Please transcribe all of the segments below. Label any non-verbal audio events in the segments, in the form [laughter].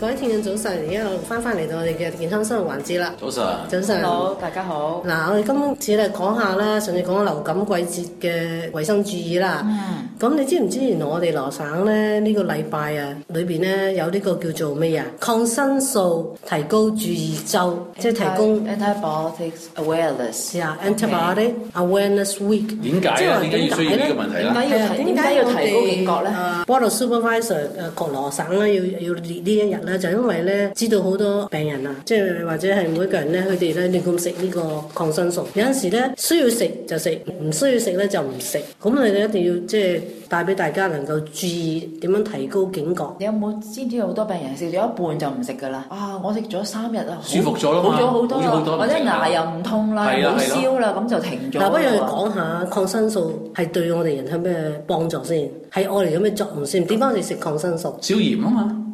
各位聽眾早晨，而家我翻返嚟到我哋嘅健康生活環節啦。早晨，早晨，好，大家好。嗱，我哋今次咧講下啦，上次講咗流感季節嘅衞生注意啦。嗯。咁你知唔知原來我哋羅省咧呢個禮拜啊，裏邊咧有呢個叫做咩啊？抗生素提高注意週，即係提供。Antibiotics awareness. Yeah, antibiotics awareness week. 點解啊？呢個問題啦，點解要提高警覺咧？Point to supervisor 誒，各羅省咧要要列呢一日就因為咧，知道好多病人啊，即係或者係每個人咧，佢哋咧亂咁食呢個抗生素。有陣時咧需要食就食，唔需要食咧就唔食。咁你哋一定要即係帶俾大家能夠注意點樣提高警覺。你有冇知唔知好多病人食咗一半就唔食噶啦？啊，我食咗三日啊，舒服咗咯，好咗好多，或者牙又唔痛啦，唔燒啦，咁就停咗。嗱，不如講下抗生素係對我哋人有咩幫助先，係我哋有咩作用先？點解我哋食抗生素？消炎啊嘛。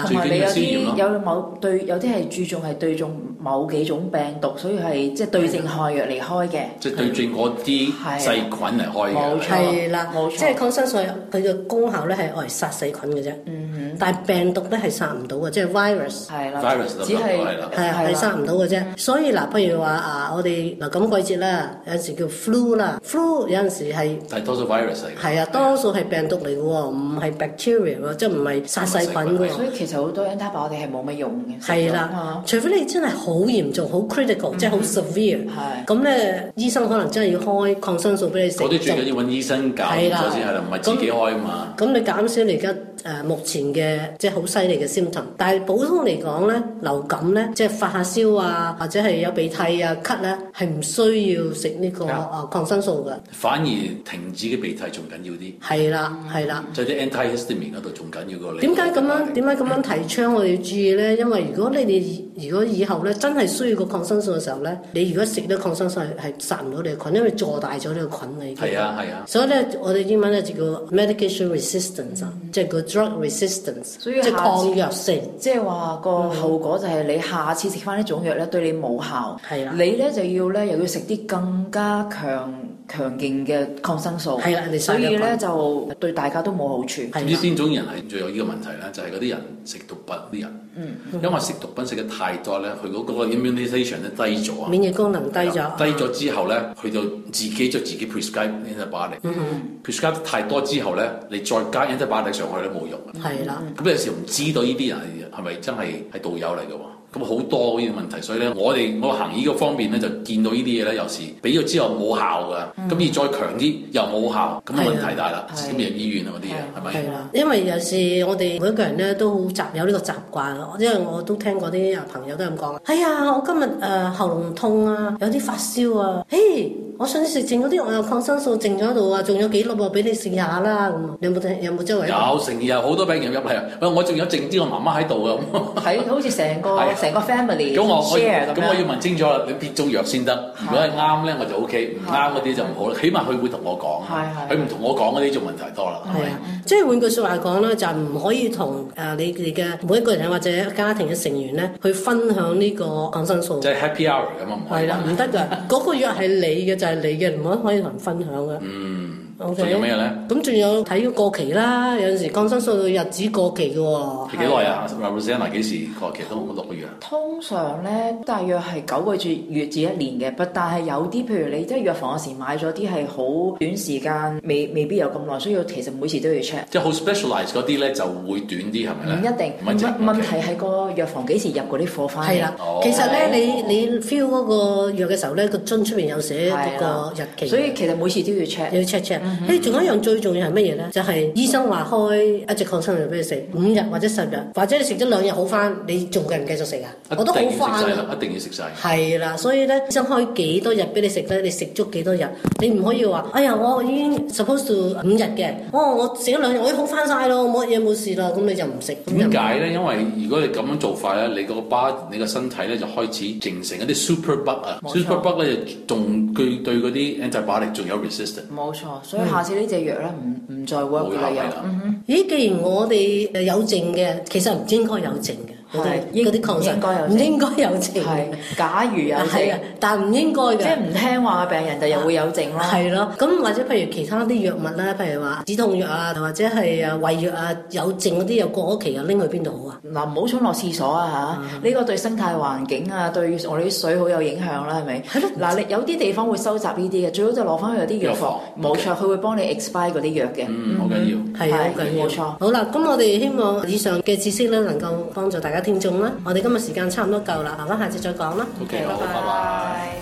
同埋你有啲有某對有啲係注重係對中某幾種病毒，所以係即係對症害藥嚟開嘅，即係對住嗰啲細菌嚟開嘅。冇錯啦，即係抗生素佢嘅功效咧係嚟殺細菌嘅啫。 [noise] 嗯。但係病毒咧係殺唔到嘅，即係 virus，virus 只係係啊係殺唔到嘅啫。所以嗱，譬如話啊，我哋嗱咁季節啦，有陣時叫 flu 啦，flu 有陣時係大多數 virus 嚟，係啊，多數係病毒嚟嘅喎，唔係 bacteria 喎，即係唔係殺細菌嘅。所以其實好多抗生素我哋係冇乜用嘅。係啦，除非你真係好嚴重、好 critical，即係好 severe。係咁咧，醫生可能真係要開抗生素俾你食。嗰啲最緊要揾醫生搞咗先係啦，唔係自己開啊嘛。咁你減少你而家？誒目前嘅即係好犀利嘅 symptom，但係普通嚟講咧，流感咧即係發下燒啊，或者係有鼻涕啊、咳咧，係唔需要食呢個誒抗生素嘅，反而停止嘅鼻涕仲緊要啲。係啦，係啦。就啲 antihistamine 度仲緊要過你。點解咁樣，點解咁樣提倡我哋要注意咧？因為如果你哋如果以後咧真係需要個抗生素嘅時候咧，你如果食咗抗生素係殺唔到你嘅菌，因為坐大咗呢個菌你。係啊，係啊。所以咧，我哋英文咧就叫 medication resistance，即係個。drug resistance，所以下次食，即係抗藥性，即係話個後果就係你下次食翻呢種藥咧，對你冇效。嗯，你咧就要咧又要食啲更加強。強勁嘅抗生素，係啊，所以咧就對大家都冇好處。唔知邊種人係最有呢個問題咧？就係嗰啲人食毒品啲人，嗯、因為食毒品食得太多咧，佢嗰個 immunisation 咧、嗯、低咗了，免疫功能低咗，低咗之後咧，佢就自己就自己 prescribe 呢啲巴嚟，prescribe 太多之後咧，嗯嗯、後你再加啲巴嚟上去都冇用。係啦，咁有時唔知道呢啲人係係咪真係係導友嚟嘅喎？咁好多呢啲問題，所以咧我哋我行醫個方面咧就見到呢啲嘢咧，有時俾咗之後冇效噶，咁、嗯、而再強啲又冇效，咁、嗯、問題大、就、啦、是，私人醫院啊嗰啲嘢，係咪？係啦、啊，因為有時我哋每一個人咧都好習有呢個習慣，因為我都聽過啲啊朋友都咁講，係、哎、啊，我今日誒、呃、喉嚨痛啊，有啲發燒啊，嘿。我想食剩嗰啲，我有抗生素剩咗喺度啊，仲有幾粒噃俾你試下啦咁啊！有冇睇？有冇周圍？有成日好多病人入嚟啊！喂，我仲有剩啲，我媽媽喺度啊，咁喺好似成個成個 family 咁我 h a 咁我要問清楚啦，你啲中藥先得。如果係啱咧，我就 O K；唔啱嗰啲就唔好啦。起碼佢會同我講，佢唔同我講嗰啲仲問題多啦。係啊，即係換句說話講啦，就唔可以同誒你哋嘅每一個人或者家庭嘅成員咧去分享呢個抗生素。即係 Happy Hour 咁啊！係啦，唔得㗎，嗰個藥係你嘅就。你嘅，唔可以同人分享嘅。 [noise] 仲 Okay. 有咩咧？咁仲有睇過期啦，有陣時抗生素嘅日子過期嘅喎、哦。係幾耐啊？阿 Rosie，嗱幾時過期？都六個月。通，通常咧，大約係九個月月至一年嘅，不但係有啲，譬如你即係藥房嗰時買咗啲係好短時間，未未必有咁耐，所以其實每次都要 check。即係好 specialise 嗰啲咧，就會短啲係咪？唔一定。問題係個藥房幾時入嗰啲貨翻嚟？係啦。其實咧，你你 feel 嗰個藥嘅時候咧，個樽出面有寫一個，一個日期。的所以其實每次都要 check。要 check check。嗯你仲、mm hmm. hey, 有一樣最重要係乜嘢咧？就係、是、醫生話開一隻抗生素俾你食五日或者十日，或者你食咗兩日好翻，你仲繼續唔繼續食啊？我都好快一定要食晒。係啦，所以咧，醫生開幾多日俾你食咧？你食足幾多日？你唔可以話：mm hmm. 哎呀，我已經 supposed 五日嘅，哦，我食咗兩日，我已經好翻晒咯，冇乜嘢冇事啦，咁你就唔食。點解咧？因為如果你咁樣做法咧，你個疤、你個身體咧就開始形成一啲 super bug 啊，super bug 咧仲佢對嗰啲 antibiotic 仲有 resistant。冇錯，所以。 [noise] 下次呢隻藥咧，唔唔再會 o r k 嘅藥。咦，既然我哋誒有證嘅，其實唔應該有證嘅。係，嗰啲抗生素唔應該有剩。係，假如有剩，係啊，但唔應該嘅。即係唔聽話嘅病人就又會有剩啦。係咯。咁或者譬如其他啲藥物啦，譬如話止痛藥啊，或者係啊胃藥啊，有剩嗰啲又過咗期又拎去邊度好啊？嗱，唔好沖落廁所啊嚇！呢個對生態環境啊，對我哋啲水好有影響啦，係咪？係咯。嗱，你有啲地方會收集呢啲嘅，最好就攞翻去有啲藥房。冇錯，佢會幫你 expire 嗰啲藥嘅。嗯，好緊要。係啊，好緊要。冇錯。好啦，咁我哋希望以上嘅知識咧，能夠幫助大家。聽眾啦，我哋今日時間差唔多夠啦，好啦，下次再講啦。OK，好，拜拜。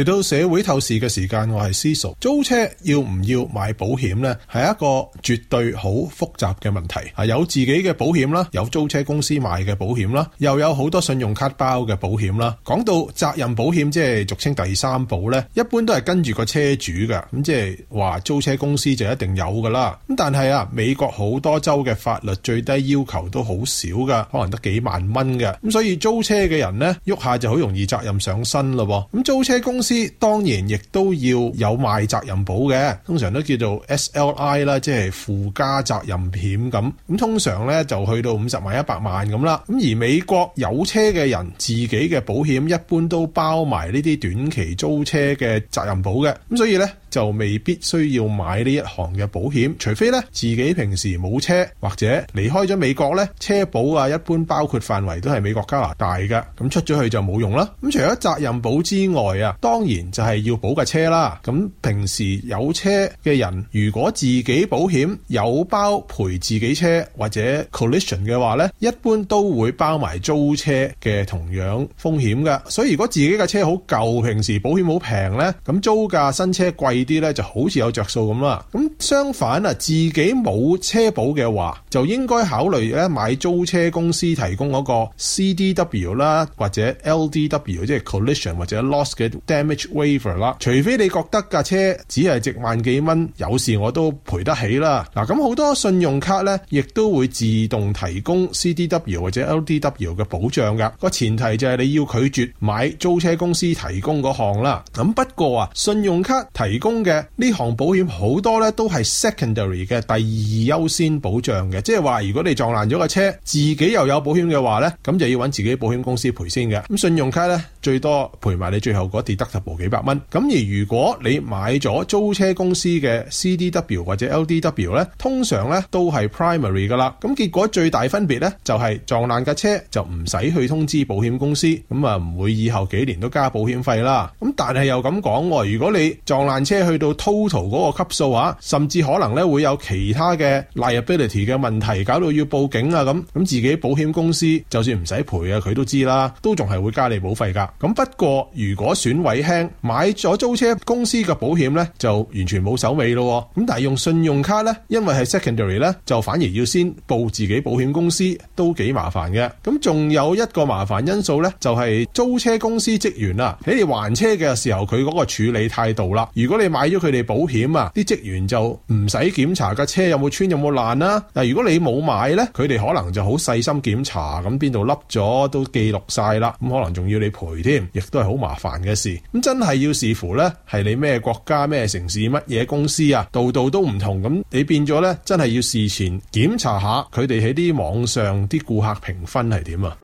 嚟到社會透視嘅時間，我係司徒。租車要唔要買保險呢？係一個絕對好複雜嘅問題。啊，有自己嘅保險啦，有租車公司賣嘅保險啦，又有好多信用卡包嘅保險啦。講到責任保險，即係俗稱第三保呢，一般都係跟住個車主噶。咁即係話租車公司就一定有噶啦。咁但係啊，美國好多州嘅法律最低要求都好少噶，可能得幾萬蚊嘅。咁所以租車嘅人呢，喐下就好容易責任上身咯。咁租車公司。當然亦都要有賣責任保嘅，通常都叫做 SLI 啦，即係附加責任險咁。咁通常呢就去到五十萬一百萬咁啦。咁而美國有車嘅人自己嘅保險一般都包埋呢啲短期租車嘅責任保嘅。咁所以呢。就未必需要買呢一行嘅保險，除非咧自己平時冇車或者離開咗美國咧，車保啊一般包括範圍都係美國加拿大嘅，咁、嗯、出咗去就冇用啦。咁、嗯、除咗責任保之外啊，當然就係要保架車啦。咁、嗯、平時有車嘅人，如果自己保險有包賠自己車或者 collision 嘅話咧，一般都會包埋租車嘅同樣風險嘅，所以如果自己嘅車好舊平時保險好平咧，咁、嗯、租架新車貴。呢啲咧就好似有着數咁啦。咁、 [music] 嗯、相反啊，自己冇車保嘅話，就應該考慮咧買租車公司提供嗰個 CDW 啦，或者 LDW，即係 collision 或者 loss 嘅 damage waiver 啦。除非你覺得架車只係值萬幾蚊，有事我都賠得起啦。嗱、啊，咁、嗯、好多信用卡咧，亦都會自動提供 CDW 或者 LDW 嘅保障噶。個前提就係你要拒絕買租車公司提供嗰項啦。咁、嗯、不過啊，信用卡提供嘅呢行保險好多咧，都係 secondary 嘅，第二優先保障嘅，即係話如果你撞爛咗個車，自己又有保險嘅話咧，咁就要揾自己保險公司賠先嘅。咁信用卡咧，最多賠埋你最後嗰 deductible 幾百蚊。咁而如果你買咗租車公司嘅 CDW 或者 LDW 咧，通常咧都係 primary 噶啦咁結果最大分別咧就係、是、撞爛架車就唔使去通知保險公司，咁啊，唔會以後幾年都加保險費啦。咁但係又咁講，如果你撞爛車，去到 total 嗰個級數啊，甚至可能咧會有其他嘅 liability 嘅問題，搞到要報警啊咁，咁自己保險公司就算唔使賠啊，佢都知啦，都仲係會加你保費噶。咁不過如果損毀輕，買咗租車公司嘅保險咧，就完全冇手尾咯。咁但係用信用卡咧，因為係 secondary 咧，就反而要先報自己保險公司，都幾麻煩嘅。咁仲有一個麻煩因素咧，就係租車公司職員啊，喺你還車嘅時候，佢嗰個處理態度啦。如果你買咗佢哋保險啊，啲職員就唔使檢查架車有冇穿有冇爛啦。但如果你冇買呢，佢哋可能就好細心檢查，咁邊度凹咗都記錄晒啦。咁可能仲要你賠添，亦都係好麻煩嘅事。咁真係要視乎呢，係你咩國家、咩城市、乜嘢公司啊，度度都唔同。咁你變咗呢，真係要事前檢查下，佢哋喺啲網上啲顧客評分係點啊。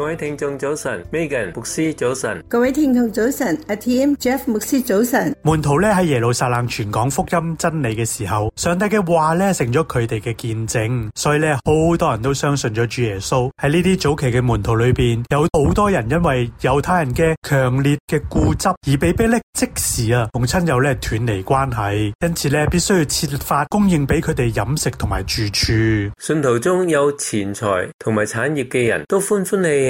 各位聽眾早晨，Megan 牧師早晨，早晨。各位聽眾早晨，阿 Tim Jeff 牧師早晨。門徒咧喺耶路撒冷傳講福音真理嘅時候，上帝嘅話咧成咗佢哋嘅見證，所以咧好多人都相信咗主耶穌。喺呢啲早期嘅門徒裏邊，有好多人因為猶太人嘅強烈嘅固執而被逼咧即時啊同親友咧斷離關係，因此咧必須要設法供應俾佢哋飲食同埋住處。信徒中有錢財同埋產業嘅人都歡歡喜。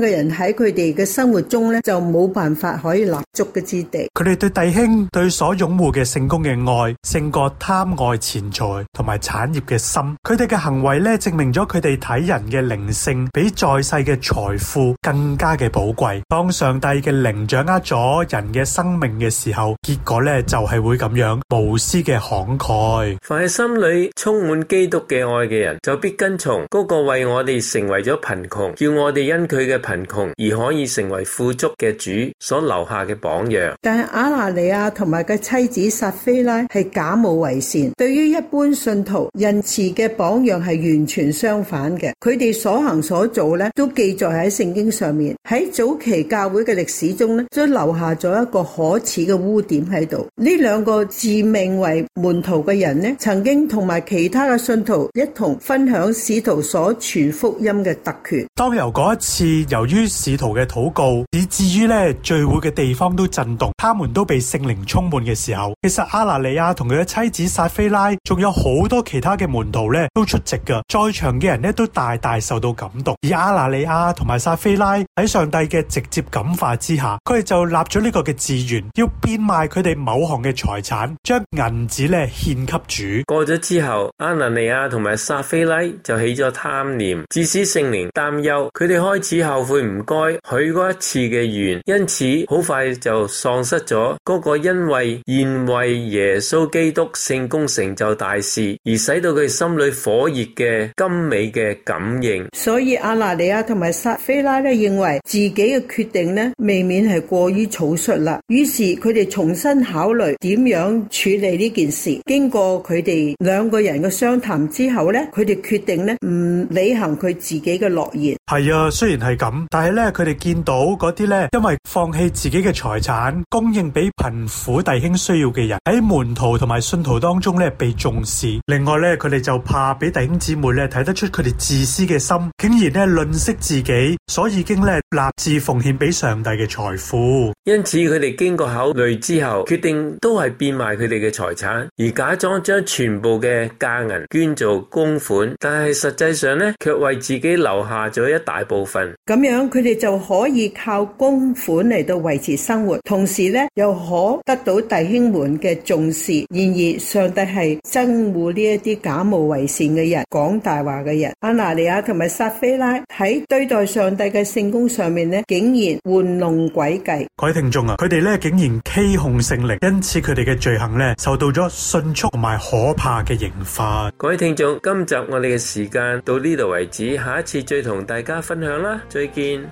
嘅人喺佢哋嘅生活中咧就冇辦法可以立足嘅之地，佢哋對弟兄對所擁護嘅聖工嘅愛勝過貪愛錢財同埋產業嘅心，佢哋嘅行為咧證明咗佢哋睇人嘅靈性比在世嘅財富更加嘅寶貴。當上帝嘅靈掌握咗人嘅生命嘅時候，結果咧就係會咁樣無私嘅慷慨。凡係心裏充滿基督嘅愛嘅人，就必跟從嗰個為我哋成為咗貧窮，叫我哋因佢嘅貧，貧窮而可以成為富足嘅主所留下嘅榜樣，但係亞拿尼亞同埋嘅妻子撒菲拉係假冒為善，對於一般信徒仁慈嘅榜樣係完全相反嘅。佢哋所行所做呢，都記載喺聖經上面。喺早期教會嘅歷史中呢，都留下咗一個可恥嘅污點喺度。呢兩個自命為門徒嘅人呢，曾經同埋其他嘅信徒一同分享使徒所傳福音嘅特權。當由嗰一次。由於使徒嘅禱告，以至於咧聚會嘅地方都震動，他們都被聖靈充滿嘅時候，其實阿拿利亞同佢嘅妻子撒菲拉，仲有好多其他嘅門徒咧都出席嘅，在場嘅人咧都大大受到感動。而阿拿利亞同埋撒菲拉喺上帝嘅直接感化之下，佢哋就立咗呢個嘅志願，要變賣佢哋某項嘅財產，將銀紙咧獻給主。過咗之後，阿拿利亞同埋撒菲拉就起咗貪念，致使聖靈擔憂，佢哋開始後。後悔唔該，許嗰一次嘅願，因此好快就喪失咗嗰個因為願為耶穌基督聖工成就大事而使到佢心裏火熱嘅甘美嘅感應。所以亞拿尼亞同埋撒非拉咧認為自己嘅決定咧未免係過於草率啦，於是佢哋重新考慮點樣處理呢件事。經過佢哋兩個人嘅商談之後咧，佢哋決定咧唔履行佢自己嘅諾言。係啊，雖然係咁。但係咧，佢哋見到嗰啲咧，因為放棄自己嘅財產，供應俾貧苦弟兄需要嘅人，喺門徒同埋信徒當中咧，被重視。另外咧，佢哋就怕俾弟兄姊妹咧睇得出佢哋自私嘅心，竟然咧吝嗇自己，所以經咧立志奉獻俾上帝嘅財富。因此佢哋經過考慮之後，決定都係變賣佢哋嘅財產，而假裝將全部嘅價銀捐做公款，但係實際上咧，卻為自己留下咗一大部分。咁咁樣佢哋就可以靠公款嚟到維持生活，同時呢又可得到弟兄們嘅重視。然而上帝係憎惡呢一啲假冒為善嘅人，講大話嘅人。阿拿尼亞同埋撒非拉喺對待上帝嘅聖工上面呢，竟然玩弄詭計。各位聽眾啊，佢哋呢竟然欺哄聖靈，因此佢哋嘅罪行呢受到咗迅速同埋可怕嘅刑罰。各位聽眾，今集我哋嘅時間到呢度為止，下一次再同大家分享啦，最見。